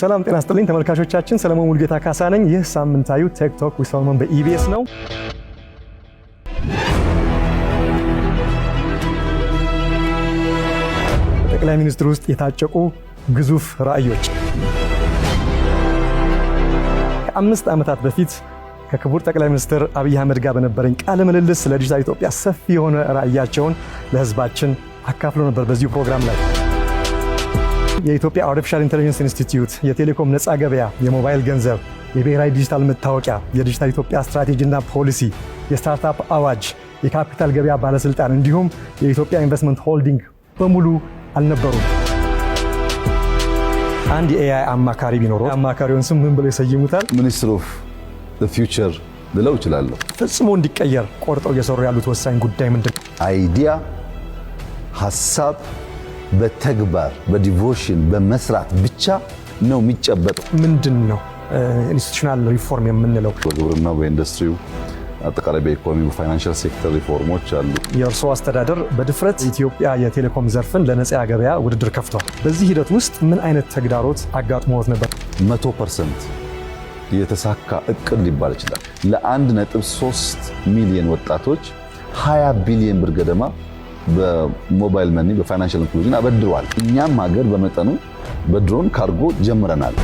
ሰላም ጤና ስጥልኝ ተመልካቾቻችን፣ ሰለሞን ሙልጌታ ካሳ ነኝ። ይህ ሳምንታዩ ቴክቶክ ዊዝ ሰለሞን በኢቢኤስ ነው። ጠቅላይ ሚኒስትር ውስጥ የታጨቁ ግዙፍ ራዕዮች ከአምስት ዓመታት በፊት ከክቡር ጠቅላይ ሚኒስትር አብይ አህመድ ጋር በነበረኝ ቃለ ምልልስ ስለ ዲጂታል ኢትዮጵያ ሰፊ የሆነ ራዕያቸውን ለህዝባችን አካፍሎ ነበር በዚሁ ፕሮግራም ላይ የኢትዮጵያ አርቲፊሻል ኢንተለጀንስ ኢንስቲትዩት፣ የቴሌኮም ነፃ ገበያ፣ የሞባይል ገንዘብ፣ የብሔራዊ ዲጂታል መታወቂያ፣ የዲጂታል ኢትዮጵያ ስትራቴጂና ፖሊሲ፣ የስታርታፕ አዋጅ፣ የካፒታል ገበያ ባለስልጣን እንዲሁም የኢትዮጵያ ኢንቨስትመንት ሆልዲንግ በሙሉ አልነበሩም። አንድ የኤአይ አማካሪ ቢኖረው አማካሪውን ስም ምን ብለው ይሰይሙታል? ሚኒስትር ኦፍ ፊውቸር ልለው እችላለሁ። ፈጽሞ እንዲቀየር ቆርጠው እየሰሩ ያሉት ወሳኝ ጉዳይ ምንድን ነው? አይዲያ ሀሳብ በተግባር በዲቮሽን በመስራት ብቻ ነው የሚጨበጠው። ምንድን ነው ኢንስቲቱሽናል ሪፎርም የምንለው? በግብርናው፣ በኢንዱስትሪው አጠቃላይ በኢኮኖሚ በፋይናንሻል ሴክተር ሪፎርሞች አሉ። የእርስዎ አስተዳደር በድፍረት ኢትዮጵያ የቴሌኮም ዘርፍን ለነፃ ገበያ ውድድር ከፍቷል። በዚህ ሂደት ውስጥ ምን አይነት ተግዳሮት አጋጥሞት ነበር? መቶ ፐርሰንት የተሳካ እቅድ ሊባል ይችላል። ለ1.3 ሚሊዮን ወጣቶች 20 ቢሊዮን ብር ገደማ በሞባይል መኒ በፋይናንሻል ኢንክሉዥን አበድሯል። እኛም ሀገር በመጠኑ በድሮን ካርጎ ጀምረናል።